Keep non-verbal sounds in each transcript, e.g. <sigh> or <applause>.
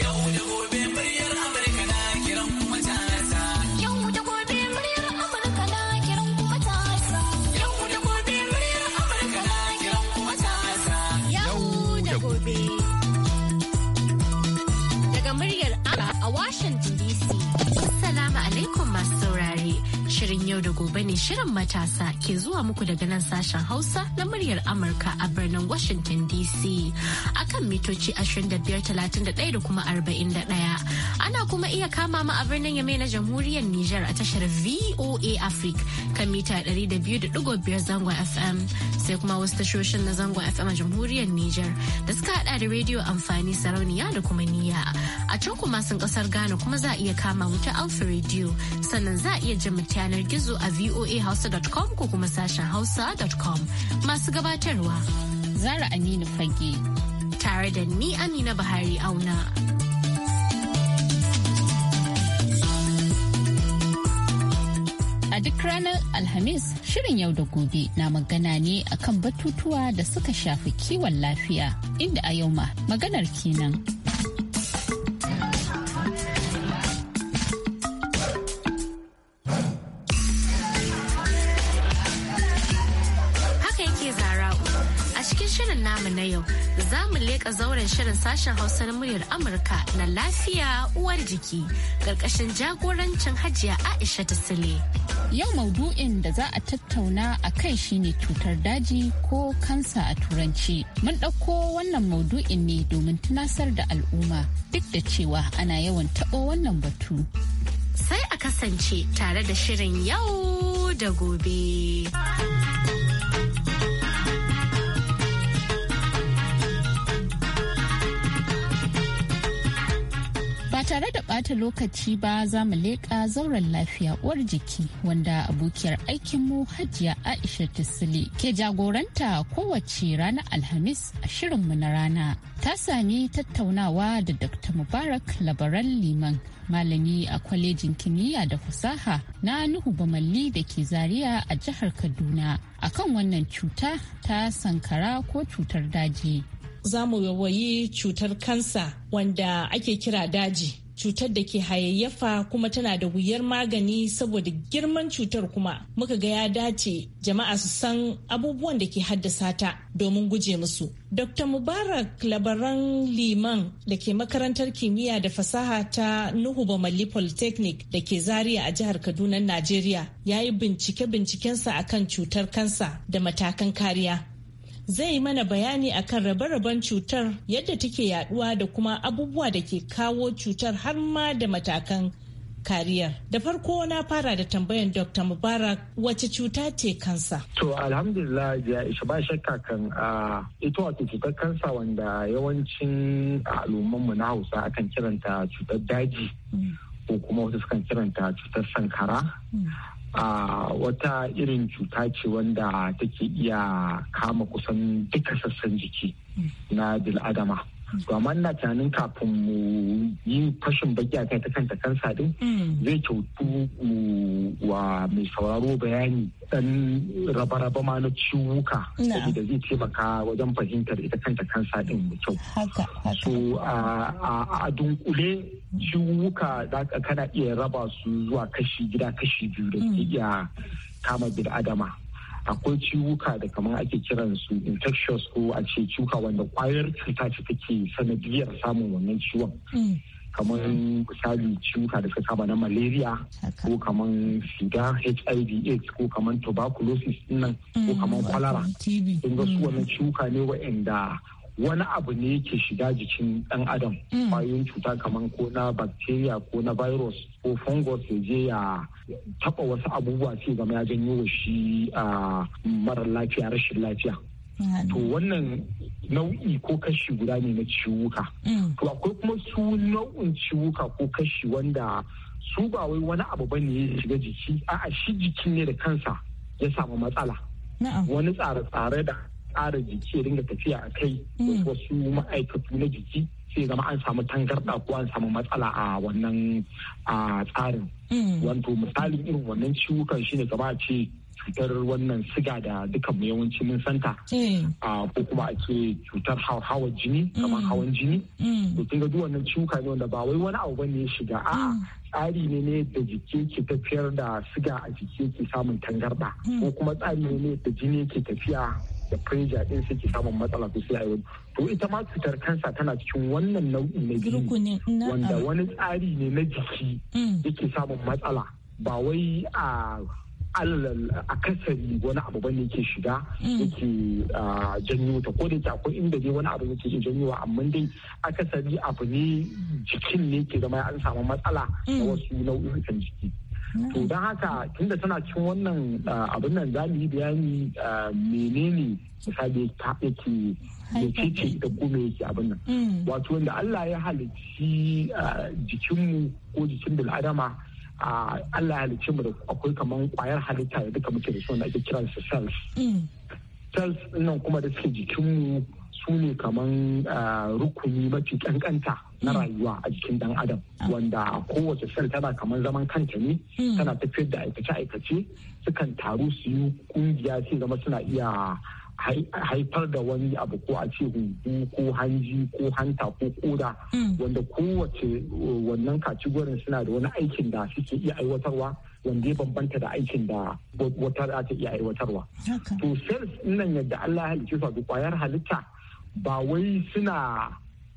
Yo, yo. shirin matasa ke zuwa muku daga nan sashen Hausa na muryar Amurka a birnin Washington DC akan mitoci 2531 da kuma 41. Ana kuma iya kama mu a birnin Yamai na Jamhuriyar Nijar a tashar VOA Africa kan mita 200.5 zangon FM sai kuma wasu tashoshin na zangon FM a Jamhuriyar Nijar da suka hada da rediyo amfani sarauniya da kuma niyya. A can kuma kasar Ghana kuma za a iya kama mu ta Alpha Radio sannan za a iya jin yanar gizo a VOA voahausa.com ko kuma sashen hausa.com masu gabatarwa. Zara Aminu Fage. Tare da ni Amina Buhari auna. A duk ranar Alhamis shirin yau da gobe na magana ne akan batutuwa da suka shafi kiwon lafiya inda a yau ma maganar kenan. leƙa zauren shirin sashen Hausa na muryar Amurka na lafiya uwar jiki ƙarƙashin jagorancin hajiya Aisha ta sile Yau maudu'in da za a tattauna a kai shine cutar daji ko kansa a turanci. Mun ɗauko wannan maudu'in ne domin tunasar da al'umma duk da cewa ana yawan taɓo wannan batu. Sai a kasance tare da shirin yau da gobe. tare da ɓata lokaci ba za mu leƙa zauren lafiya uwar jiki wanda abokiyar aikinmu hajiya aisha tisili ke jagoranta kowace ranar alhamis a shirinmu na rana ta sami tattaunawa da dr mubarak labaran liman malami a kwalejin kimiyya da fasaha na nuhu bamalli da ke zaria a jihar kaduna akan wannan cuta ta sankara ko cutar daji za mu yi cutar kansa wanda ake kira daji cutar da ke hayayyafa kuma tana da wuyar magani saboda girman cutar kuma muka ga ya dace jama'a su san abubuwan da ke haddasa ta domin guje musu. Dr. Mubarak labaran liman da ke makarantar kimiyya da fasaha ta Nuhu Bamalli Polytechnic da ke Zaria a jihar Kaduna, Najeriya ya yi bincike-bincikensa akan cutar kansa da matakan kariya. zai mana bayani akan rabe-raben cutar yadda take yaduwa da kuma abubuwa da ke kawo cutar har ma da matakan kariyar. Da farko na fara da tambayan Dr. Mubarak wace cuta ce kansa? To alhamdulillah ya isa ba shakka kan ita wato cutar kansa wanda yawancin al'ummanmu na Hausa akan kiranta cutar daji mm. ko kuma wasu sukan kiranta cutar sankara. Mm. a wata irin cuta ce wanda take iya kama kusan duka sassan jiki na bil'adama. to amma ina tunanin kafin mu yi fashin baki a kai ta kanta kansa din mm. zai kyautu wa mai sauraro bayani dan raba-raba ma na ciwuka saboda zai taimaka wajen fahimtar ita kanta kansa din mu kyau so a dunkule ciwuka kana iya raba su zuwa kashi gida kashi biyu da ke iya kama bil adama akwai ciwuka da kamar ake kiran su infectious ko a ce ciwuka wanda kwayar cuta ce take sanadiyar samun wannan ciwon mm. kamar misali ciwuka da suka kama na malaria ko kamar sida hiv aids ko kamar tuberculosis nan ko mm. kamar kwalara. su mm. wannan ciwuka ne wa'anda wani abu ne yake shiga jikin ɗan adam kwayoyin mm. cuta kamar ko na bacteria ko na virus ko fungus ya je ya taɓa wasu abubuwa sai zama ya janyo wa shi mara lafiya rashin lafiya to wannan nau'i ko kashi guda ne na ciwuka mm. to akwai kuma su nau'in ciwuka ko kashi wanda su ba wai wani abu ba ne ya shiga jiki a'a shi jiki ne da kansa ya samu matsala wani tsare-tsare da tsara jiki ya dinga tafiya a kai mm. wasu ma'aikatu na jiki sai zama an samu tangarɗa ko an samu matsala a wannan tsarin. Mm. Wanto misalin irin wannan ciwukan shine gaba ce cutar wannan siga da duka mu yawanci mun santa mm. ko kuma a ce cutar hawan jini kamar hawan jini to kin duk wannan ciwuka ne wanda ba wai wani abu bane ya shiga a tsari ne ne da jiki ke tafiyar da siga a jiki ke samun tangarɗa. ko kuma tsari ne ne da jini ke tafiya da preja din suke samun matsala su sai a to ita ma cutar kansa tana cikin wannan nau'i na biyu wanda ah. wani tsari ne na jiki mm. yake samun matsala ba wai a akasari wani abu bane ke shiga mm. yake janyo ta ko da akwai inda dai wani abu yake janyowa amma dai akasari abu ne jikin ne ke zama an samu matsala mm. na wasu nau'in jiki to don haka tunda tana cin wannan eh, abin nan za mu yi bayani eh, menene misali ta yake da cece da kuma yake abin nan mm. wato wanda Allah ya halicci eh, jikinmu ko jikin bil'adama Allah ya halicci mu da akwai kamar kwayar halitta da duka muke da shi wanda ake kiransa cells mm. cells nan kuma da suke jikin mu. su ne kaman ah, rukuni mafi kankanta na hmm. rayuwa a jikin dan adam ah. wanda kowace sel tana kaman zaman kanta ne hmm. tana tafiyar da aikace-aikace sukan taru su yi kungiya sai zama suna iya haifar da wani abu ko a ce huhu ko hanji ko hanta ko koda hmm. wanda kowace eh, wannan kacigorin suna da wani aikin da suke iya aiwatarwa wanda ya bambanta da aikin da wata za ta iya aiwatarwa. To sai nan yadda Allah ya halicce su kwayar halitta ba wai suna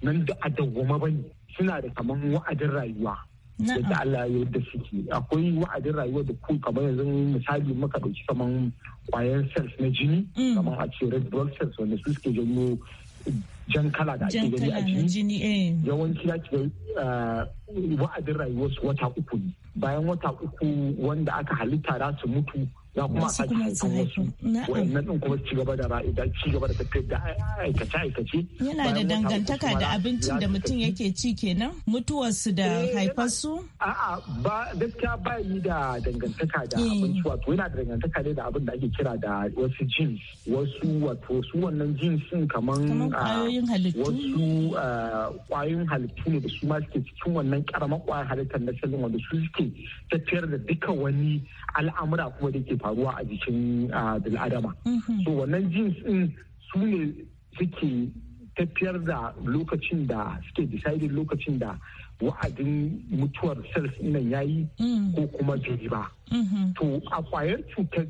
nan da adawwama ba ne suna da kaman wa'adin rayuwa yadda Allah ya yadda suke akwai wa'adin rayuwa da ku kamar yanzu misali muka ɗauki kaman kwayan cells na jini mm. kamar a ce red blood cells wanda su suke janyo jan kala da ake gani a jini eh. yawanci ya ce eh, wa'adin su wata uku ne bayan wata uku wanda aka halitta za su mutu za kuma a kuma wasu wannan din kuma ci gaba da ra'ida ci gaba da tafiyar da aikace aikace yana da dangantaka da abincin da mutum yake ci kenan mutuwarsu da eh, haifarsu a'a ba gaskiya ba yi da dangantaka da eh. abinci wato yana da dangantaka ne da abin da ake kira da wasu jeans wasu wato su wannan jeans din kaman ah, wasu ah, kwayoyin halittu ne da su ma suke cikin wannan karamar kwayar halittar na sallin wanda su suke tafiyar da duka wani al'amura kuma da ke faruwa a jikin bil'adama mm-hmm. so wannan jeans din su ne suke tafiyar da lokacin da suke decided lokacin da wa'adin mutuwar cells nan yayi mm. ko kuma bai ba mm-hmm. to a kwayar cutar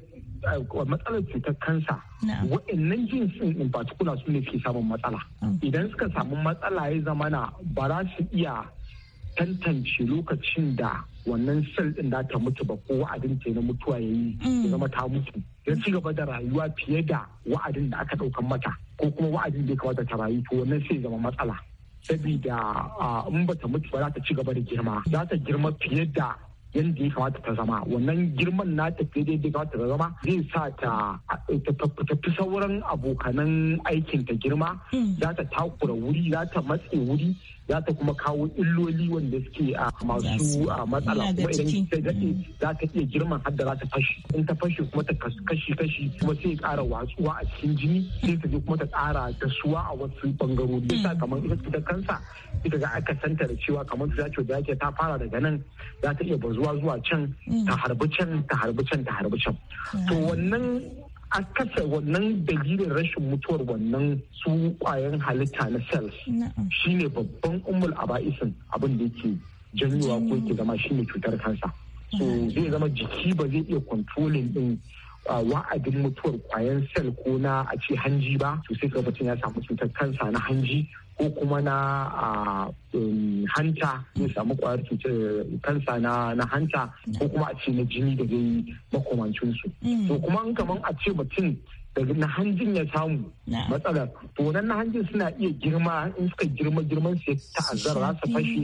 matsalar cutar kansa waɗannan jeans ɗin in particular su ne ke samun matsala mm. idan suka samu matsala ya zamana ba za su iya tantance lokacin da wannan sel din da ta mutu ba ko wa'adin ce na mutuwa ya yi mm. zama ta mutu ya ci gaba da rayuwa fiye da wa'adin da aka ɗaukan mata ko kuma wa'adin da ya kamata ta rayu to wannan sai zama matsala sabida in ba ta mutu ba za ta ci gaba da girma za ta girma fiye da yadda ya kamata ta zama wannan girman na ta fiye yadda ya kamata ta zama zai sa ta fi sauran abokanan aikin ta girma mm. za ta takura wuri za ta matse wuri za ta kuma kawo illoli wanda suke a ah, masu a ah, matsala kuma idan ta daɗe mm. za ta iya girman har da za ta fashe in ta fashe kuma ta kashi kashi kuma sai ƙara watsuwa a cikin jini sai ta je kuma ta ƙara dasuwa a wasu bangarori sa mm. kamar ita ta kansa ita ga aka santa da cewa kamar ta zace da ta fara daga nan za ta iya bazuwa zuwa can ta mm. harbi can ta harbi can ta harbi can to wannan a kasa wannan dalilin rashin mutuwar wannan su kwayan halitta na cells shine babban umul aba'isin abin da yake janyowa ko yake zama shine cutar kansa so zai zama jiki ba zai iya controlling din wa'adin mutuwar kwayan cell ko na a ce hanji ba to sai mutum ya samu cutar kansa na hanji ko kuma na um, hanta zai samu kwayar cutar kansa na hanta ko kuma a ce na jini da zai makomancin su mm. to kuma in kaman a ce mutum daga na hanjin ya samu matsalar to nan na hanjin suna iya girma in suka girma girman su ya ta'azzara za su fashe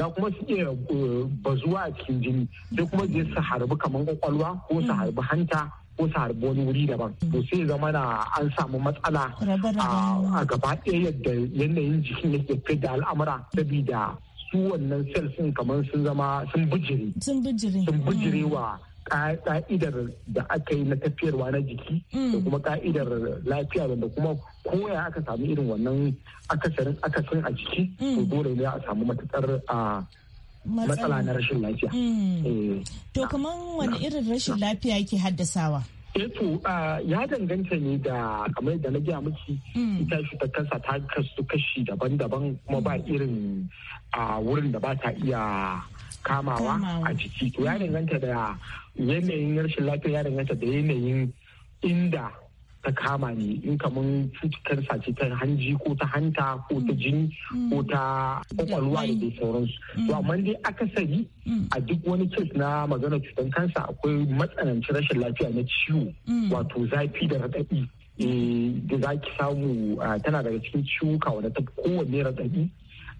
ya kuma su iya eh, bazuwa a cikin jini sai kuma je su harbi kamar kwakwalwa ko su harbi hanta ko su harbi wani wuri daban to sai zama na an samu matsala a gaba ɗaya yadda yanayin jikin yake fi da al'amura Sabida su wannan sel sun kamar sun zama sun bijire sun bijire wa ka'idar da aka yi na tafiyarwa na jiki da mm. kuma ka'idar lafiya wanda kuma koya aka samu irin wannan akasarin akasin a jiki to mm. dole ne a samu matukar a matsala na rashin lafiya. Mm. Eh. To kamar wani irin rashin lafiya yake haddasawa? eto eh ya danganta ne da kamar da na gaya miki ita shi ta kansa ta kasu kashi daban-daban kuma ba irin a wurin da ba ta iya kamawa a jiki to ya danganta da yanayin rashin lafiya ya nasa da yanayin inda ta kama ne in kamar cutar sace ta hanji ko ta hanta ko ta mm. jini ko mm. ta kwakwalwa da dai sauransu mm. to amma dai akasari a duk wani kes na magana cutar kansa akwai matsanancin rashin lafiya na ciwo wato zafi da raɗaɗi eh, da za samu ah, tana daga cikin ciwuka wadda ta kowanne raɗaɗi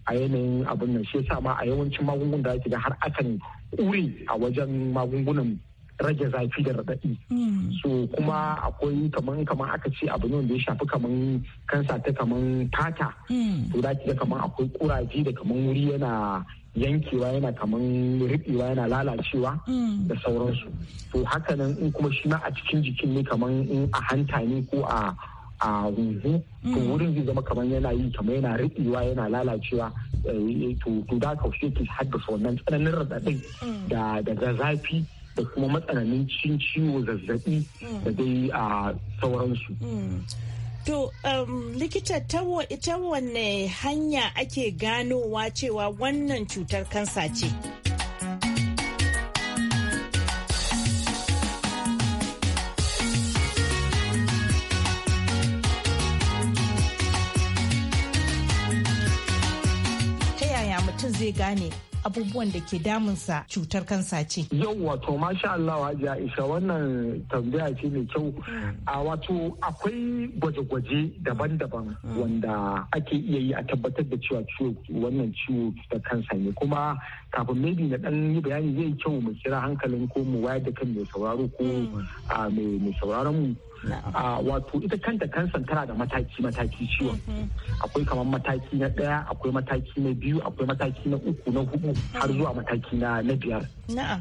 a yanayin abin nan shi yasa ma a yawancin magungunan da ake da har akan kure a wajen magungunan rage zafi da raɗaɗi. Mm. So kuma akwai kaman kaman aka ce abu ne wanda ya shafi kaman kansa ta kaman tata mm. To da da kaman akwai kuraje da kaman wuri yana yankewa yana kaman riɓewa yana lalacewa mm. da sauransu. To hakanan in kuma shi ma a cikin jikin ne kaman in a hanta ne ko a a wanzu to mm. wurin zai zama kamar yana yi kamar yana riɗewa yana lalacewa eh, eh, to da ka shi ke haddasa wannan tsananin raɗaɗin mm. da daga zafi da kuma matsananin cin ciwo zazzaɓi mm. da dai a sauransu. To um, likita ta wanne hanya ake ganowa cewa wannan cutar kansa ce? zai gane abubuwan da ke damunsa cutar kansa ce. Yau wato masha Allah Hajiya Aisha wannan tambaya ce mai kyau. A wato akwai gwaje-gwaje daban-daban wanda ake iya yi a tabbatar da cewa ciwo wannan ciwo cutar kansa ne kuma kafin maybe na dan yi bayani zai kyau mu kira hankalin ko mu wayar da kan mai sauraro ko mm. ah, mai sauraron mu Ah, wato ita kanta kansan tana da mataki-mataki ciwon mm-hmm. akwai kamar mataki na ɗaya akwai mataki na biyu akwai mataki na uku na hudu har zuwa mataki na biyar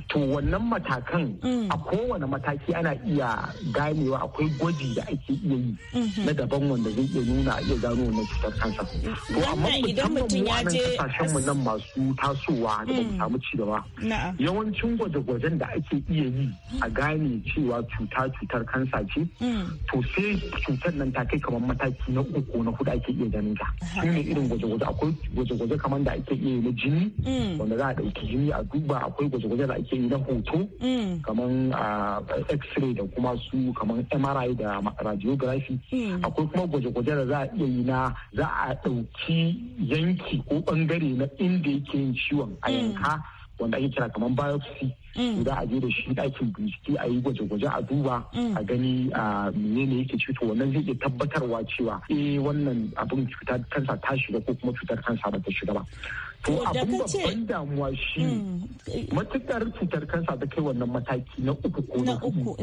to wannan matakan mm. a kowane mataki ana iya ganewa akwai gwaji da ake iya yi mm-hmm. na daban wanda zai iya nuna iya gano wannan cutar kansa to amma idan mutum ya je mu nan masu tasowa da ba mm. samu ci gaba yawancin gwaje-gwajen da ake iya yi a mm. gane cewa cuta cutar kansa ce to sai cutar nan ta kai kamar mataki na uku na hudu ake iya ganin ta ne irin gwaje-gwaje akwai gwaje-gwaje kamar da ake iya na jini mm. wanda za a ɗauki jini a duba akwai gwaje-gwaje da ake yi na hoto mm. kamar x-ray da kuma su kamar mri da radiography mm. akwai kuma gwaje-gwaje da za a iya yi na za a ɗauki yanki ko ɓangare na inda yake yin ciwon a yanka wanda ake kira kamar biopsy mm. za a je da shi ɗakin bincike a yi gwaje-gwaje a duba mm. a gani a menene yake cuta wannan zai iya tabbatarwa cewa eh wannan abin cutar kansa ta shiga ko kuma cutar kansa ba ta shiga ba to abin babban damuwa shi mm. matukar cutar kansa ta kai wannan mataki na uku ko na uku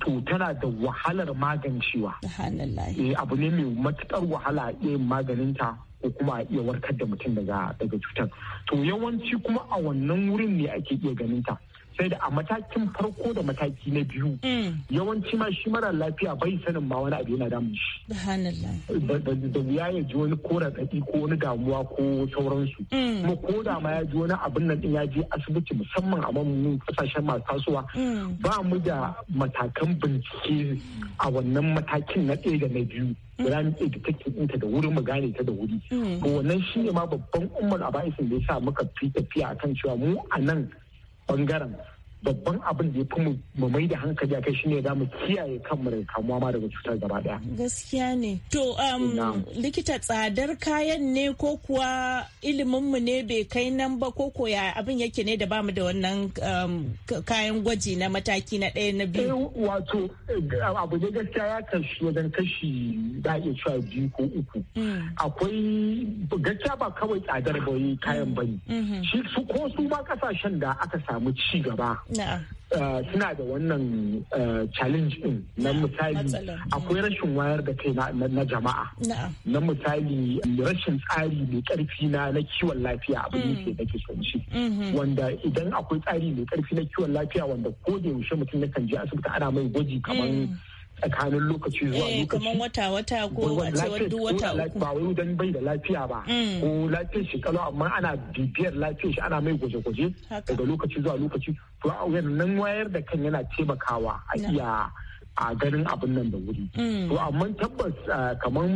to tana da wahalar magancewa eh abu ne mai matukar wahala a iya maganinta ko kuma a iya warkar da mutum daga daga cutar to yawanci kuma a wannan wurin ne ake iya ganin ta sai da a matakin farko da mataki na biyu mm. yawanci ma shi mara lafiya bai sanin ma wani abu yana damun shi da wuya ya ji wani kora tsaki ko wani damuwa ko sauransu mm. kuma ko da ma ya ji wani abin nan din ya je asibiti musamman a mamu kasashen masu kasuwa. Mm. ba mu da matakan bincike a wannan matakin na ɗaya da na biyu guda mu da take ɗinta da wuri mu gane ta da wuri to wannan shi ne ma babban umar a ba'isin da ya sa muka fi tafiya akan cewa mu a nan bangaren babban abin da ya fi mu mai da hankali a kai shine za mu kiyaye kanmu daga kamuwa ma daga cutar gaba daya. Gaskiya ne. To um, likita tsadar kayan ne ko kuwa ilimin mu ne bai kai nan ba ko ko ya abin yake ne da ba mu da wannan um, kayan gwaji na mataki na ɗaya na biyu. Eh, wato eh, abu ne gaskiya ya kashi wajen kashi da a iya cewa biyu ko uku. Hmm. Akwai gaskiya ba kawai tsadar ba kayan ne. Mm-hmm. Mm-hmm. Shi su ko su ma kasashen da aka samu ci gaba suna eh, da wannan eh, challenge din na misali mm. akwai rashin wayar da kai na jama'a na misali rashin tsari mai karfi na kiwon lafiya abin da mm. ke nake son shi mm-hmm. wanda idan akwai tsari mai karfi na kiwon lafiya wanda ko da yaushe mutum yakan je asibiti ana mai gwaji mm. kamar tsakanin lokaci zuwa eh, lokaci. kamar wata wata ko a cewar duk wata uku. Ba wai dan bai da lafiya ba. Ko lafiyar shi kalau amma ana bibiyar lafiyar shi ana mai gwaje-gwaje daga lokaci zuwa lokaci to a nan wayar da kan yana taimakawa a iya a ganin abin nan da wuri. Mm. To amma tabbas kamar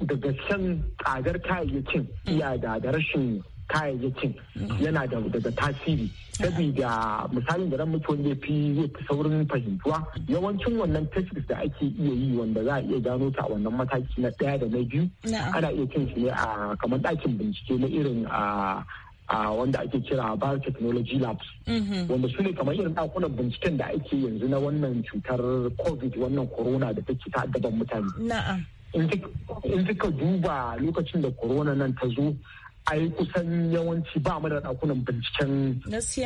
daga shan tsadar kayayyakin mm. iya da da rashin kayayyakin mm. yana da daga tasiri saboda misalin da ran mutum ya fi yi saurin fahimtuwa yawancin wannan test da ake iya yi wanda za a iya gano ta a wannan mataki na ɗaya da na biyu ana iya cin su ne a kamar ɗakin bincike na irin a a wanda ake kira Technology labs mhm. wanda su ne kamar irin ɗakunan binciken da ake yanzu na wannan cutar covid wannan corona da take ta gaban mutane in kika duba lokacin da corona nan ta zo ai kusan yawanci ba mu da ɗakunan binciken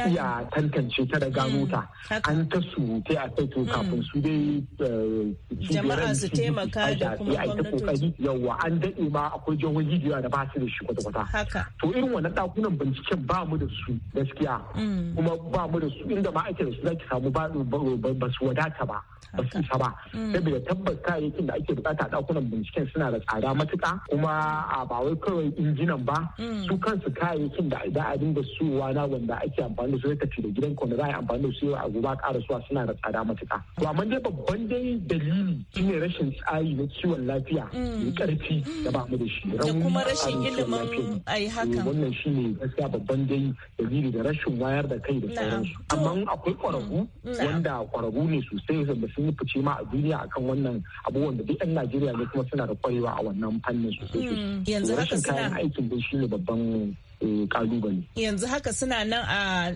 iya tantance ta da gano mm, ta an ta su a kai to mm. kafin su dai eh, jama'a su taimaka da kuma gwamnati yawa an daɗe ma akwai jihohin da da ba su da shi kwata-kwata to irin wannan ɗakunan binciken ba mu da su gaskiya mm. kuma ba mu da su inda ma ake da su zaki samu ba su wadata ba ba su isa ba mm. saboda tabbas kayayyakin da ake bukata a dakunan binciken suna da tsada matuka kuma a ba wai kawai injinan ba mm. su kansu kayayyakin da za a dinga suwa na wanda ake amfani da su ya tafi da gidan kwanda za a yi amfani da su a gobe ƙara suwa suna da tsada matuka to amma dai babban dai dalili shine rashin tsari na kiwon lafiya mm. mai karfi da ba mu da shi da kuma rashin ilimin ai eh, haka wannan shine gaskiya babban dai dalili da rashin wayar da kai da sauransu amma akwai ƙwararru wanda ƙwararru ne sosai wanda sun sun yi fice ma a duniya akan wannan abubuwan da duk 'yan Najeriya ne kuma suna da kwarewa a wannan fannin sosai. Hmm, yanzu haka suna aikin shi shine babban kalubale. Eh, yanzu haka suna nan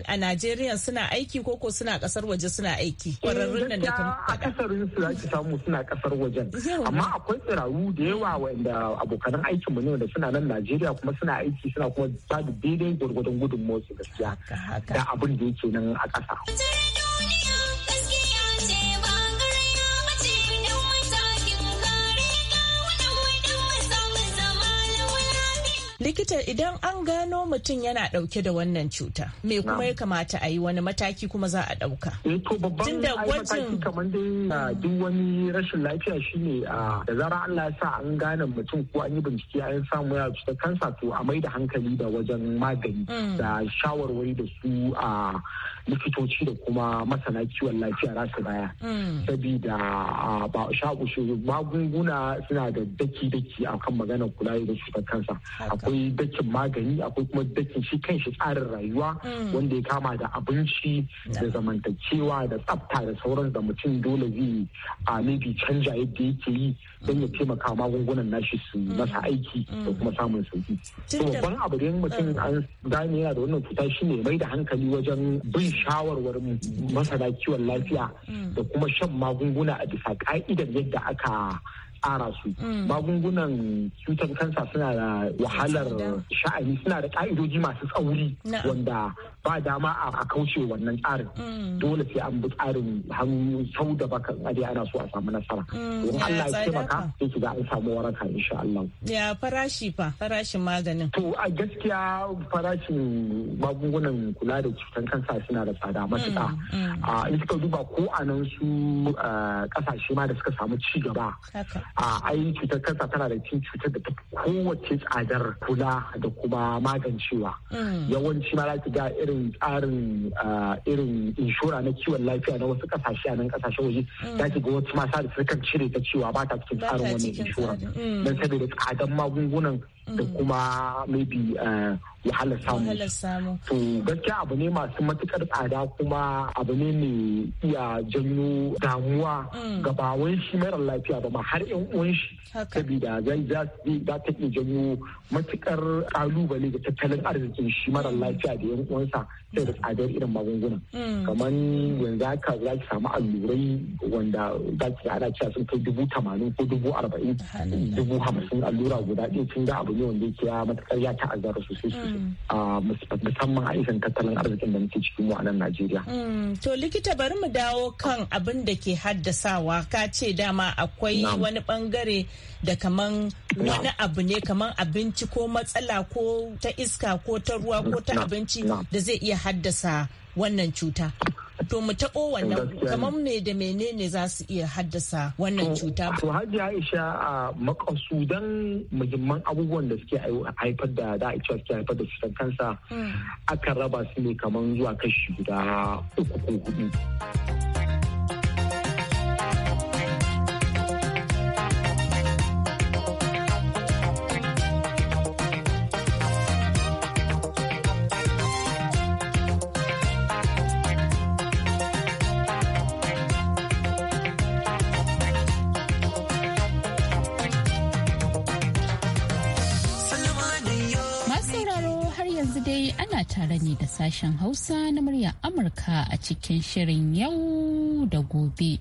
a Najeriya suna aiki ko ko suna kasar waje suna aiki. Kwararrun eh, nan da kan A kasar su za samu suna kasar wajen. Amma akwai tsiraru da yawa wanda abokan aikin mu ne da suna nan Najeriya kuma suna aiki suna kuma ba da daidai gwargwadon gudunmawar su gaskiya. Da abin da yake nan a ƙasa. likita idan an gano mutum yana dauke da wannan cuta me kuma ya kamata a yi wani mataki kuma za a dauka eh, tunda gwajin kamar dai ah, duk wani rashin lafiya shine ah, da zara Allah ya sa an gane mutum ko an yi bincike an samu ya cutar kansa to a mai da hankali da wajen magani mm. da shawarwari da su a ah, likitoci da kuma masana kiwon lafiya za su baya hmm. sabida ba magunguna suna da daki-daki a kan maganar kula da cutar kansa akwai dakin magani akwai kuma dakin shi kanshi tsarin rayuwa hmm. wanda ya kama da abinci da zamantakewa da tsafta da sauran da mutum dole zai a maybe canja yadda yake yi don ya hmm. taimaka magungunan nashi su masa aiki da kuma samun sauki. babban abu da mutum an gane yana da wannan cuta ne mai da hankali wajen bin Shawarwar masana kiwon lafiya mm. da kuma shan magunguna a bisa ka'idar yadda aka tsara su mm. magungunan cutar kansa suna da wahalar sha'ani suna da ka'idoji masu tsauri wanda ba dama a kaushe wannan tsarin mm. dole sai an bi tsarin hannu sau da baka ade ana so a samu nasara mm, don Allah ya taimaka sai ki ga an samu waraka insha Allah ya farashi fa farashin maganin to a gaskiya farashin magungunan kula da cutar kansa suna da tsada matuƙa mm, a ah, in suka duba ko a nan su kasashe ah, ma da suka samu ci gaba a ah, ai cutar kansa tana da cin cutar da ta kowace tsadar kula da kuma magancewa yawanci ma za ki ga irin irin tsarin irin inshora na kiwon lafiya na wasu kasashe a nan kasashen waje mm. za ke ga wasu masu da sukan cire ta cewa ba ta cikin tsarin wannan inshora don mm. saboda tsadan magungunan da mm. kuma maybe eh, wahalar samu. To gaskiya abu ne masu matukar tsada kuma abu ne mai iya janyo damuwa mm. ga bawon shi mara lafiya ba ma har yan uwan shi. Saboda zai za ta iya janyo matukar kalubale da tattalin arzikin shi mara mm. lafiya da yan uwansa sai da tsadar irin magunguna. Kamar yanzu haka za ki samu allurai wanda za ki ana cewa sun kai dubu tamanin ko dubu arba'in dubu hamsin allura guda ɗaya tun da abu ne wanda yake ya matakar ya ta'azzara sosai sosai mm. ah, musamman a isan tattalin arzikin da muke cikin mu a nan Najeriya. Mm. To likita bari mu dawo kan abin da ke haddasawa ka ce dama akwai wani bangare da kaman wani abu ne kaman abinci ko matsala ko ta iska ko ta ruwa ko ta abinci da zai iya haddasa wannan cuta. to mu taɓo wannan kamar me da menene za su iya haddasa wannan cuta. To Hajji Aisha a makasudan muhimman abubuwan da suke haifar da da a suke haifar da cutar kansa hmm. aka raba su ne kamar zuwa kashi guda uku ko hudu. sashen Hausa na murya Amurka a cikin shirin yau da gobe.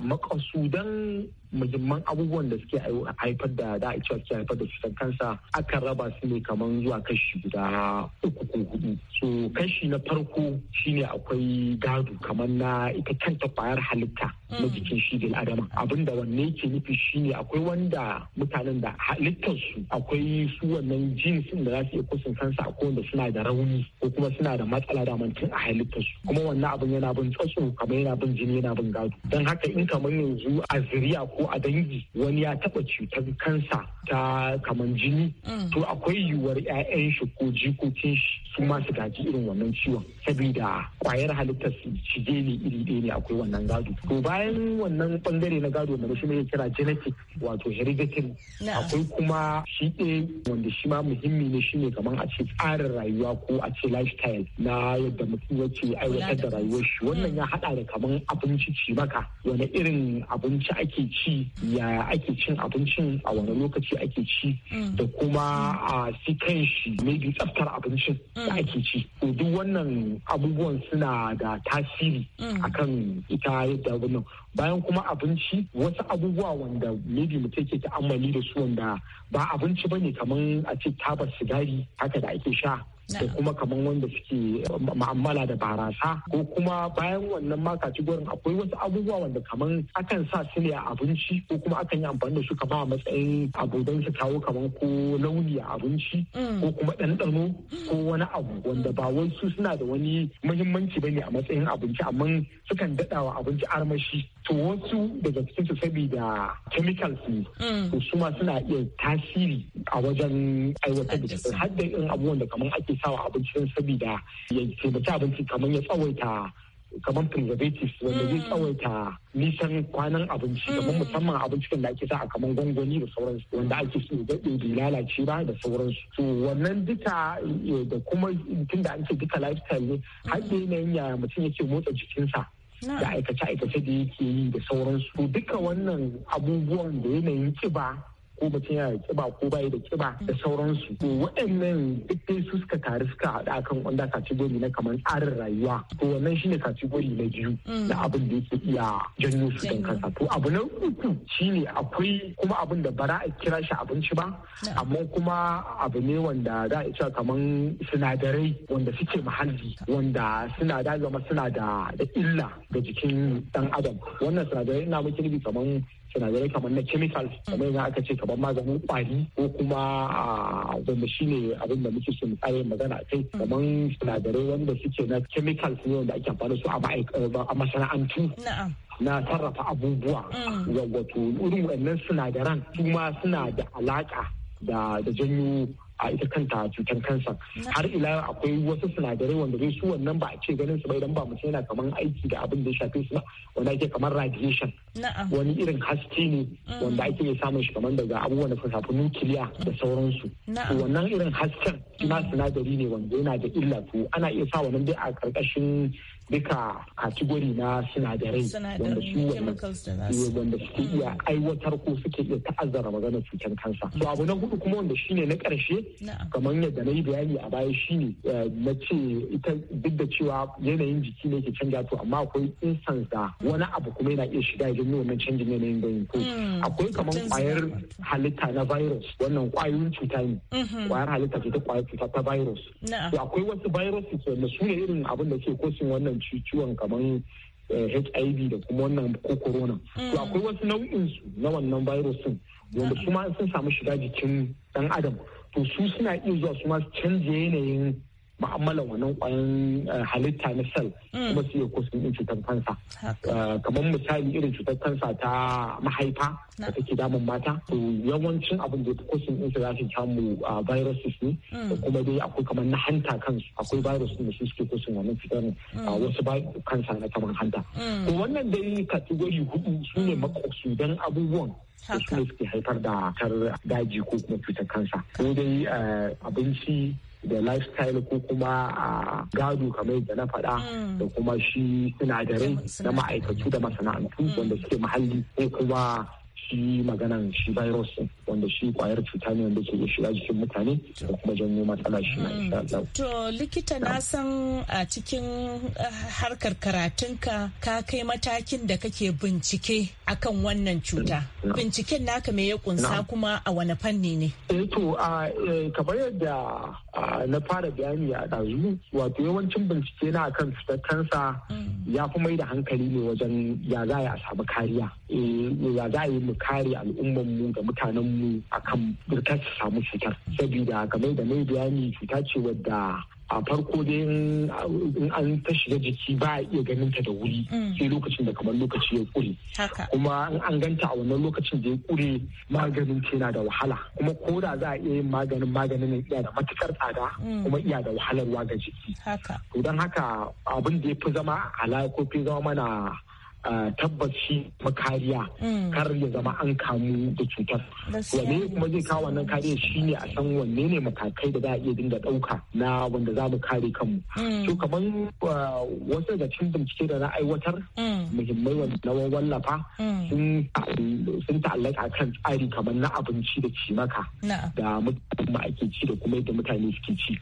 Makasudan muhimman abubuwan da suke haifar da da cewa suke haifar da cutar kansa akan raba su ne kamar zuwa kashi guda uku ko hudu so kashi na farko shine akwai gado kamar na ita kanta kwayar halitta na mm. jikin shi bil adama abin da wanne ke nufi shine akwai wanda mutanen da halittar su akwai su wannan jeans da za su iya kusan kansa akwai wanda suna da rauni ko kuma suna da matsala da mantin a halittar su kuma wannan abin yana bin tsotso kamar yana bin jini yana bin gado don haka in kamar yanzu a zuriya ko a dangi wani ya taɓa cutar kansa ta kaman jini mm. to akwai yiwuwar 'ya'yan shi ko jikokin shi su ma su gaji irin wannan ciwon saboda kwayar halittar su cije ne iri ɗaya ne akwai wannan gado to bayan wannan bangare na gado wanda shi ne kira genetic wato hereditary akwai kuma shi ɗaya wanda shi ma muhimmi ne ne kamar a ce tsarin rayuwa ko a ce lifestyle na yadda mutum yake aiwatar da rayuwar shi wannan mm. ya haɗa da kamar abinci ci maka wani irin abinci ake ci Yaya ake cin abincin a wani lokaci ake ci mm. da kuma a shi kan shi maybe tsaftar abincin mm. da mm. ake ci to duk wannan abubuwan suna da tasiri mm. akan ita yadda wannan bayan kuma abinci wasu abubuwa wanda maybe take ta amali da su wanda ba abinci bane kamar a ce tabar sigari haka da ake sha da kuma kamar wanda suke ma'amala da barasa ko kuma bayan wannan ma gurin akwai wasu abubuwa wanda kamar akan sa su ne a abinci ko kuma akan yi amfani da su kama a matsayin abu don su kawo kamar ko launi a abinci mm. ko kuma ɗanɗano ko wani abu wanda ba wai su suna da wani muhimmanci ba ne a matsayin abinci amma sukan daɗa wa abinci armashi to wasu daga cikin su saboda chemicals ne mm. to su ma suna iya tasiri a wajen aiwatar da cikin har da irin abubuwan da kamar ake sawa abincin saboda ya taimaki abinci kamar ya tsawaita kamar preservatives wanda zai mm. tsawaita nisan kwanan abinci kamar mm. musamman abincin da ake sa a kamar gwangwani da sauransu wanda ake so daɗe bai lalace ba da sauransu to wannan duka eh, da kuma tunda an ce duka lifestyle ne har da yanayin yaya mutum yake motsa jikinsa da aikace aikace da yake yi da sauransu duka wannan abubuwan da yanayin ba? ko mutum yana da kiba ko bai da kiba da sauransu to waɗannan duk dai su suka taru suka haɗu kan wanda kategori na kamar tsarin rayuwa to wannan shine kategori na biyu mm. na abin da yake iya janyo su dan kansa to abu na uku shine akwai kuma abin da bara a kira shi abinci ba amma kuma abu ne wanda za a cewa kamar sinadarai wanda suke muhalli wanda suna da zama suna da illa ga jikin dan adam wannan sinadarai na miki nufi kamar sinadarai kamar na chemical kamar yana aka ce kamar maganin kwari ko kuma ah, wanda shine abin da muke sun tsaye magana kai kamar sinadarai wanda suke na chemical ne wanda ake amfani su a eh, masana'antu na sarrafa abubuwa mm. wato irin wannan sinadaran kuma suna da alaka da janyo a ita kanta cutar kansa har ila akwai wasu sinadarai wanda zai su wannan ba a ce ganin su bai idan ba mutum yana kamar aiki da abin da ya shafe su ba wanda ake kamar radiation wani irin haske ne wanda ake iya samun shi kamar daga abubuwan da suka nukiliya da sauransu wannan irin hasken na sinadari ne wanda yana da illa to ana iya sa wannan dai a karkashin duka kategori na sinadarai wanda su wanda suke mm. iya aiwatar ko suke iya ta'azzara magana cutar kansa. To abu na hudu kuma wanda shine na karshe kamar yadda na yi bayani a baya shine eh, na ce ita duk da cewa yanayin jiki ne ke canja to amma akwai instance da wani abu kuma yana iya shiga ya nuna wannan canjin yanayin gani ko mm. akwai kamar kwayar halitta na virus wannan kwayoyin cuta ne kwayar mm-hmm. halitta ce ta kwayar cuta ta virus. To akwai wasu viruses wanda su ne irin abin da ke kosin wannan wannan ciwon kamar HIV eh, da kuma wannan ko corona. To akwai mm. wasu nau'in su na wannan virus din wanda kuma mm. sun samu shiga jikin dan adam to su suna iya zuwa su ma canza yanayin ma'amalan wannan kwayan eh, halitta na cell mm. kuma su iya kusan yin cutar kansa eh, kamar misali irin cutar kansa ta mahaifa da take damun mata to yawancin abin da ta kusan yin za su samu viruses ne mm. da kuma dai akwai kamar na hanta kansu akwai virus da su suke kusan wannan cutar mm. wasu kansa na kamar hanta to wannan dai kategori hudu su ne dan abubuwan da suke haifar da daji ko kuma cutar kansa ko dai eh, abinci da lifestyle ko kuma a gado kamar da na faɗa mm. da kuma shi sinadarai na ma'aikatu da masana'antu mm. wanda suke muhalli ko kuma shi maganan shi virus wanda shi kwayar cuta ne wanda ke shiga jikin mutane da kuma janyo matsala shi na mm. To likita na san a cikin eh, harkar karatunka ka kai matakin da kake bincike akan wannan cuta. Binciken naka me ya kunsa kuma a wani fanni ne? Eh to eh, kamar yadda na fara bayani a ɗazu wato yawancin bincike na akan fitar kansa mm. ya fi mai da hankali ne wajen ya za a samu kariya eh, ya za a yi mu kare al'ummanmu da mutanenmu akan birka su samu cutar saboda game da mai bayani cuta ce wadda a farko dai in an ta shiga jiki ba a iya ganin ta da wuri mm. sai lokacin da kamar lokaci ya kure kuma in an ganta a wannan lokacin da ya kure maganin ta yana da wahala kuma ko da za a iya yin maganin maganin iya da matukar tsada mm. kuma iya da wahalarwa ga jiki to don haka abin da ya fi zama ala ko fi zama mana tabbas shi makariya mm. kar ya zama an kamu da cutar wanne kuma zai kawo wannan kariya shi ne a san wanne ne matakai da za a iya dinga ɗauka na wanda za mu kare kanmu mm. to kamar uh, wasu daga cikin bincike da na aiwatar mm. muhimmai wanda na wallafa sun ta'allaka kan tsari kamar na abinci da cimaka da mutane ake ci da kuma yadda mutane suke ci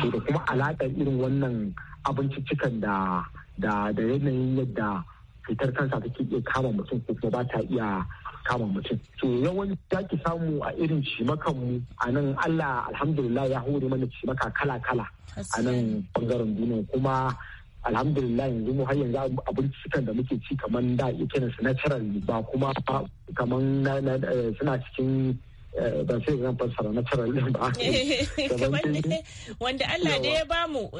to da kuma alaƙar irin wannan abinciccikan da da yanayin yadda cutar kansa take iya kama mutum ko kuma ba ta iya kama mutum to yawanci za ki samu a irin cimakan mu a nan Allah alhamdulillah ya hore mana cimaka kala kala a nan bangaren duniya kuma alhamdulillah yanzu mu har yanzu abincikan da muke ci kamar da ya na natural ba kuma kamar eh, suna cikin Eh, ba sai zan fassara na ne ba. <laughs> Eh, wanda Allah da ya bamu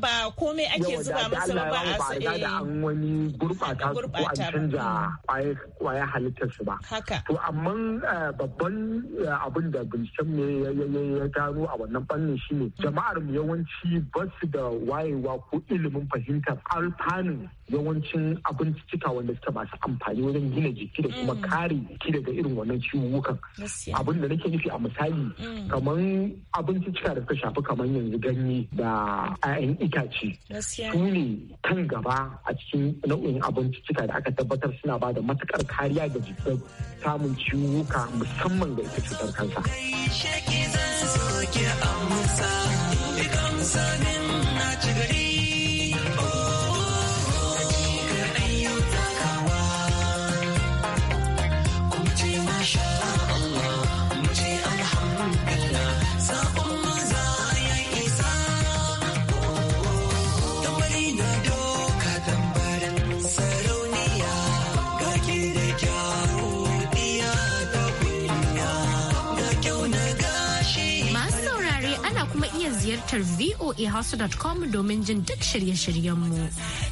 ba komai ake zuba masa ba a su da eh, an wani gurbata ko an canja hmm. kwaya halittar su ba. To amma babban abin da binciken me ya gano a wannan fannin shine hmm. jama'ar mu yawanci ba su da wayewa ko ilimin fahimtar alfanun yawancin abin cika wanda suke masu amfani wajen gina jiki da kuma hmm. kare ki daga irin wannan ciwukan. abin da nake nufi a misali mm. kamar abinci cika da suka shafi kamar yanzu ganye da 'ya'yan itace su ne kan gaba a cikin nau'in abinci cika da aka tabbatar suna ba da matukar kariya ga jikin samun ciwuka musamman ga ita cutar kansa. sanin na ci gari ke da ziyartar voahausa.com domin jin duk shirye-shiryenmu.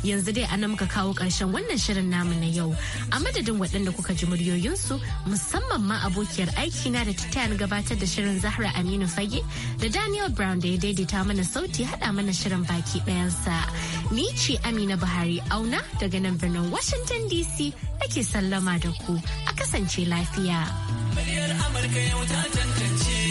Yanzu dai ana muka kawo ƙarshen wannan shirin namu na yau. A madadin waɗanda kuka ji muryoyinsu musamman ma abokiyar aikina da ta gabatar da shirin Zahra Aminu Fage da Daniel Brown da ya daidaita mana sauti haɗa mana shirin baki ɗayansa. Ni ce Amina Buhari auna daga nan birnin Washington DC ake sallama da ku a kasance lafiya. Muryar Amurka yau ta tantance.